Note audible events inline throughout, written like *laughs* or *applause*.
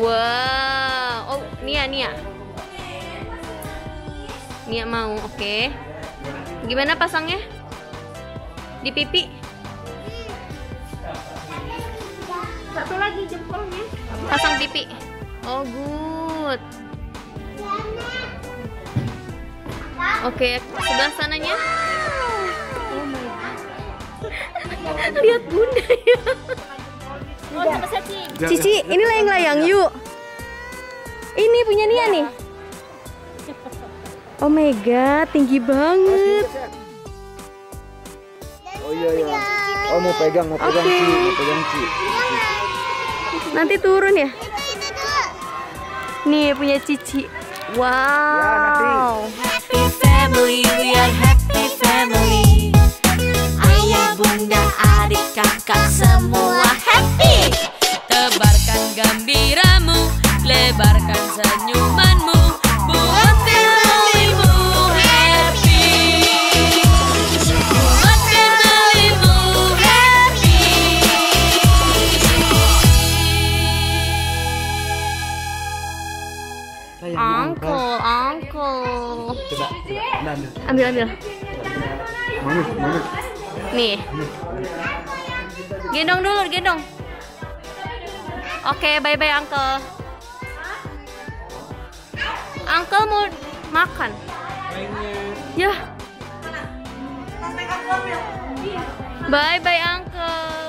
Wow. Oh, Nia, Nia. Nia mau, oke. Okay. Gimana pasangnya? Di pipi? Satu lagi jempolnya. Pasang pipi. Oh, good. Oke, okay, sebelah sananya. Oh my god. Lihat bunda ya. *laughs* Cici, ini layang-layang yuk. Ini punya Nia nih. Oh my god, tinggi banget. Oh iya iya. Oh mau pegang, mau pegang okay. Ci, mau pegang Ci. Nanti turun ya. Nih punya Cici. Wow. Ya, happy family, we are happy family. Ayah, bunda, adik, kakak semua. ambil ambil manis manis nih gendong dulu gendong oke okay, bye bye uncle uncle mau makan ya bye bye uncle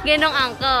*laughs* gendong uncle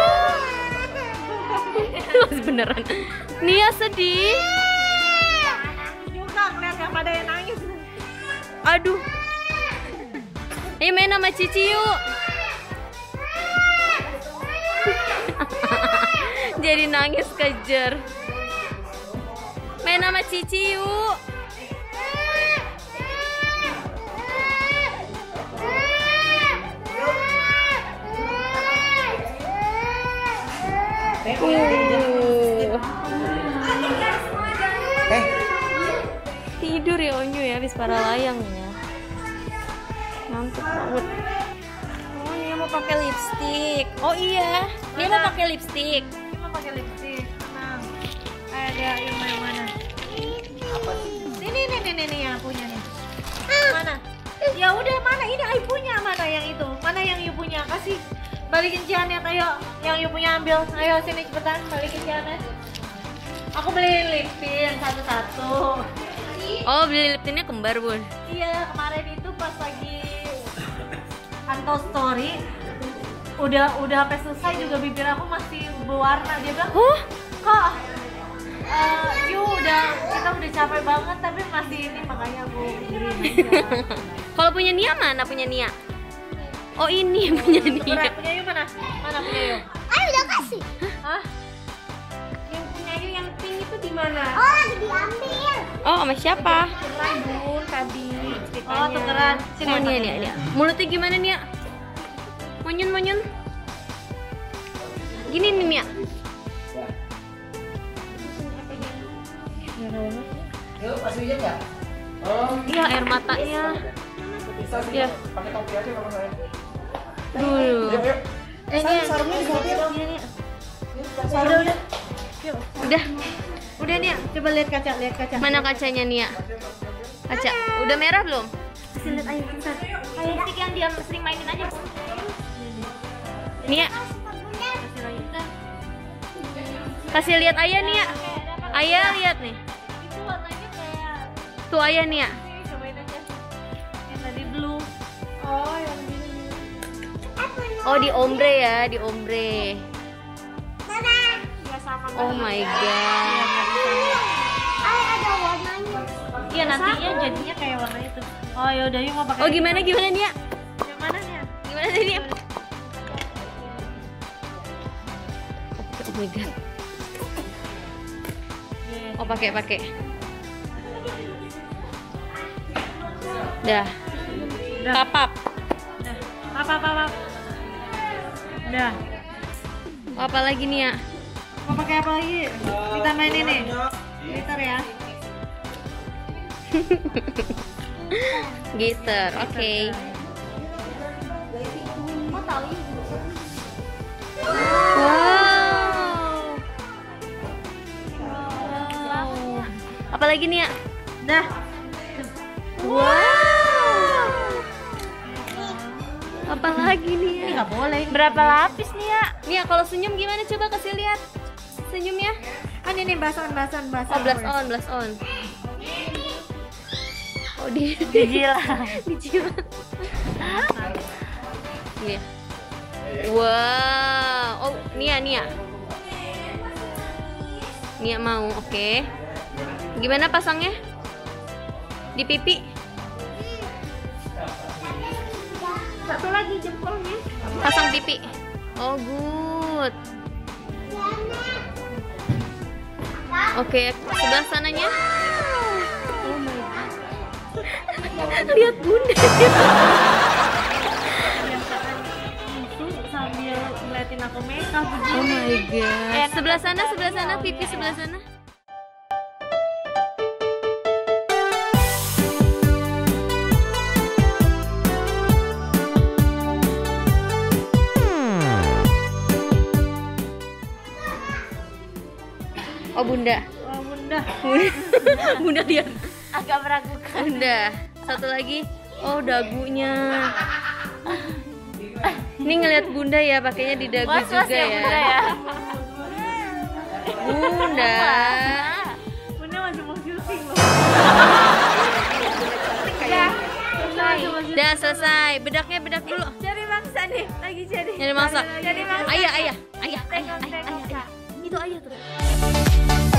Mas beneran. Nia sedih. Juga ngeliat yang pada yang nangis. Aduh. ini main sama Cici yuk. *laughs* Jadi nangis kejer. Main sama Cici yuk. yeah. guys para layangnya mantap banget oh dia mau pakai lipstick oh iya dia mau pakai lipstick dia mau pakai lipstick tenang ada yang mana apa ini nih nih nih yang punya nih mana ya udah mana ini ayu punya mana yang itu mana yang ayu punya kasih balikin cianya ayo yang ayu punya ambil ayo sini cepetan balikin Janet aku beli lipstik satu-satu oh beli lip tintnya kembar bun iya kemarin itu pas lagi kantor story udah udah sampai selesai juga bibir aku masih berwarna dia bilang huh? kok uh, you udah kita udah capek banget tapi masih ini makanya aku *laughs* kalau punya Nia mana punya Nia oh ini punya Nia punya Yu mana mana punya Yu ayo udah kasih Hah? yang punya Yu yang pink itu di mana oh lagi diambil Oh, sama siapa? Tukeran, Bun, tadi Oh, tukeran. Sini, Nia, Nia, Nia. Mulutnya gimana, Nia? Monyun, monyun. Gini nih, Nia. Yuk, kasih hujan nggak? Ya? Oh. Iya, air matanya. Iya. Pakai topi aja kalau saya. Dulu. Eh, ini sarungnya di topi. Ini. Sarungnya. Yuk. Udah. Udah Nia, coba lihat kaca, lihat kaca. Mana kacanya Nia? Kaca. Udah merah belum? Kasih lihat ayo bentar. stick yang dia sering mainin aja. Nia. Kasih lihat ayah Nia. Ayah lihat nih. Tuh ayah Nia. Oh, Oh, di ombre ya, di ombre. Oh my god. Iya, kan, kan. iya nantinya jadinya kayak warna itu. Oh yaudah yuk mau pakai. Oh gimana gimana Nia? Gimana Nia? Gimana Nia? Oh my god. Oh pakai pakai. Dah. Dah. Papap. Dah. Papap papap. Dah. Oh, apa lagi nih ya? mau pakai apa lagi? ditambahin ini glitter ya glitter, oke okay. Wow. Apalagi nih ya? Dah. Wow. Apalagi nih ya? Ini boleh. Berapa lapis nih ya? Nih ya kalau senyum gimana coba kasih lihat ya Kan ini blast on, blast on, oh, on. Oh, blast on, blast on. Oh, di *laughs* dijilat. di Iya. yeah. Wow. Oh, Nia, Nia. Nia mau, oke. Okay. Gimana pasangnya? Di pipi? Satu lagi jempolnya. Pasang pipi. Oh, good. Oke, okay, sebelah sananya. Oh my god. Lihat bunda. sambil ngeliatin aku makeup Oh my god. Eh, sebelah sana, sebelah sana, pipi sebelah sana. oh bunda oh, bunda *laughs* bunda, bunda dia agak meragukan bunda satu lagi oh dagunya ini ngelihat bunda ya pakainya di dagu was, juga was ya, ya, bunda ya. bunda bunda masih mau syuting loh Udah selesai, bedaknya bedak dulu. Cari mangsa nih, lagi cari. Cari mangsa. Cari mangsa. Ayah, ayah, ayah, ayah, ayah, ayah. Itu ayah tuh.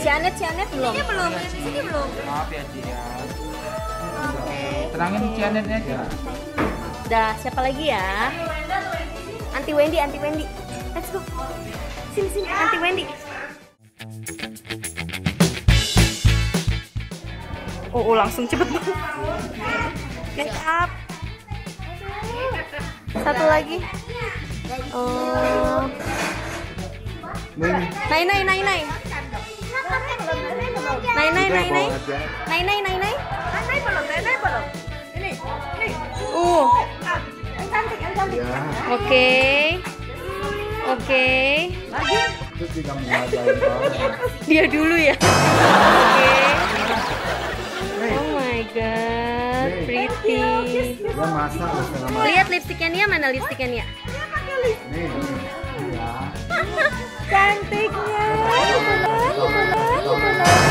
Janet Janet belum ini belum iya, ini belum maaf ya Cianet. Oke. terangin Cianetnya. Janetnya aja udah siapa lagi ya anti Wendy anti Wendy let's go sini sini anti Wendy oh, oh langsung cepet banget *laughs* get up satu lagi oh Naik, naik, naik, naik. Naik, naik, naik, naik. Naik, naik, naik, naik. Naik belum, naik, ah, naik belum. Ini, ini. Uh. Ah, yang cantik, yang cantik. Ya. Oke. Oke. *laughs* Dia dulu ya. Oke. Oh my god, pretty. Lihat lipstiknya Nia mana lipstiknya Nia? Dia pakai lipstik. Iya. Cantiknya. Iya, iya,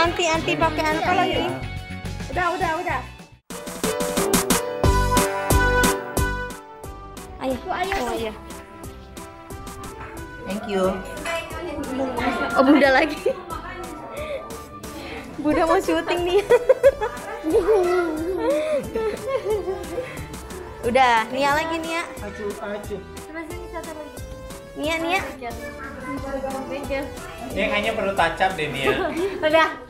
anti-anti pakai anu, apa lagi? ini. Udah, udah, udah. ayo Oh, ayah. Thank you. Oh, Bunda lagi. Bunda mau syuting nih. Udah, Nia lagi Nia. Acu, Nia, Nia. Nia kayaknya perlu tacap deh Nia. *laughs* Udah.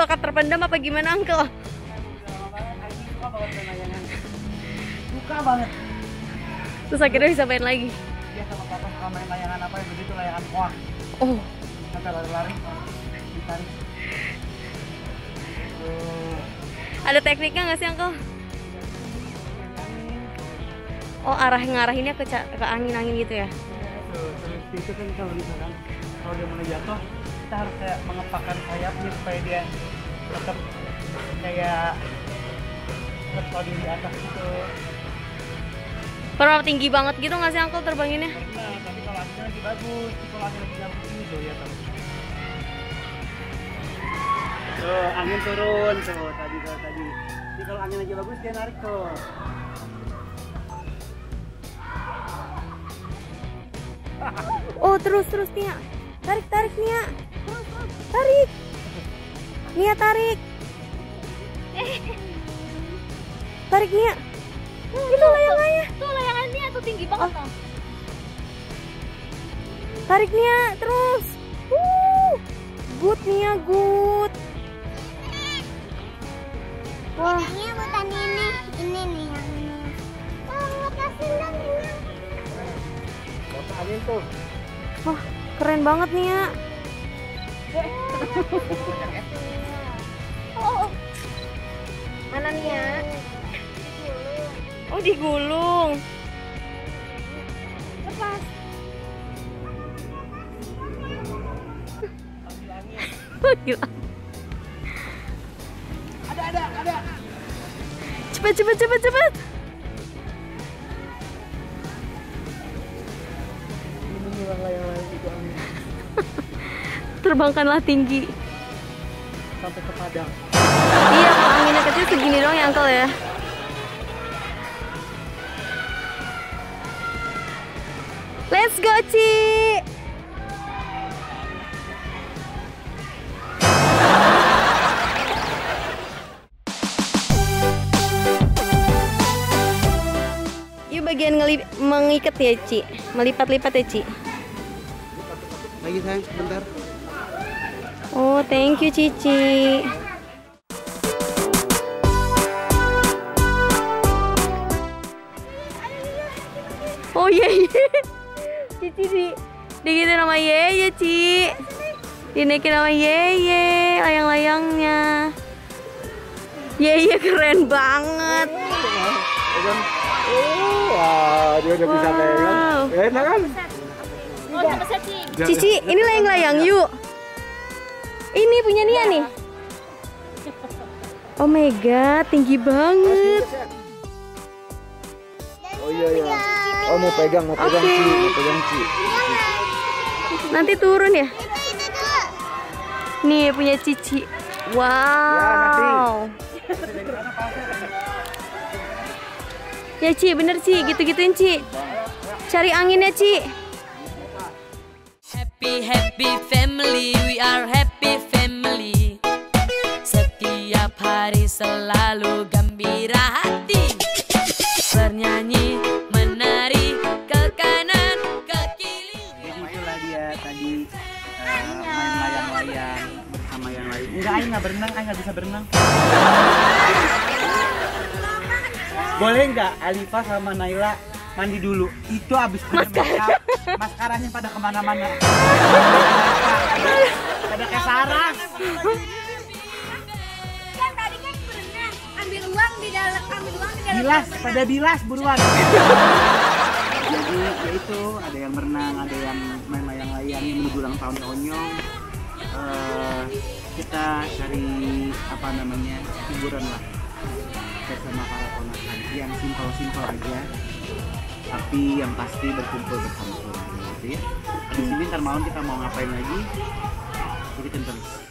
bakat terpendam apa gimana uncle? Suka banget. Terus akhirnya bisa main lagi. iya sama papa suka main layangan apa begitu layangan koak. Oh. Sampai lari-lari, ditarik. Ada tekniknya nggak sih uncle? Oh arah ngarahinnya ke, ke angin-angin gitu ya? Iya, itu kan kalau misalkan kalau dia mulai jatuh kita harus kayak mengepakkan sayapnya supaya dia tetap kayak tetap di atas gitu pernah tinggi banget gitu nggak sih angkel terbanginnya? Nah, tapi kalau anginnya lagi bagus, kalau angin lagi nyambung ini tuh gitu ya tahu. Tuh, angin turun tuh tadi tuh tadi. Jadi kalau angin lagi bagus dia narik tuh. Oh terus terus Nia, tarik tarik Nia. Tarik. Nia tarik. Tarik Nia. hmm, itu layang layangannya. itu tuh layangannya tuh tinggi banget oh. Tarik Nia terus. uh Good Nia, good. Wah. Ini ini, ini nih Oh, tuh. Wah, keren banget Nia. Oh, oh. Mana nih ya? Oh digulung. Lepas. Gila. Ada ada ada. Cepat cepat cepat cepat. Ini juga yang lain juga terbangkanlah tinggi sampai ke Padang iya kalau anginnya kecil segini doang ya Uncle ya let's go Ci Yuk bagian mengikat ya Ci melipat-lipat ya Ci lagi sayang sebentar Oh, thank you Cici. Oh yeah, yeah. Cici di digitu nama Yeye, Ci. Dinaikin nama Yeye, layang-layangnya. Yeye keren banget. Oh, wow, dia udah wow. bisa gitu. pegang. Enak kan? Oh, Cici, ini layang-layang yuk. Ini punya Nia nih. Oh my god, tinggi banget. Oh iya iya. Oh mau pegang, mau pegang okay. Ci, mau pegang Ci. Nanti turun ya? Nih punya Cici. Ya, wow. Ya, Ci, bener Ci, gitu-gituin Ci. Cari angin ya Ci. Happy happy family, we are happy. selalu gembira hati Bernyanyi, menari ke kanan, ke kiri Jadi itulah dia tadi uh, eh, main layang-layang bersama yang lain Enggak, Aing nggak berenang, Aing nggak bisa berenang Boleh nggak Alifa sama Naila mandi dulu itu abis berenang maskaranya pada kemana-mana pada kayak sarang bilas pada bilas buruan *laughs* jadi ya itu ada yang berenang ada yang main layang layang ini menuju ulang tahun Onyong uh, kita cari apa namanya hiburan lah bersama para ponakan yang simpel simpel aja tapi yang pasti berkumpul bersama keluarga gitu ya di sini ntar malam kita mau ngapain lagi ikutin terus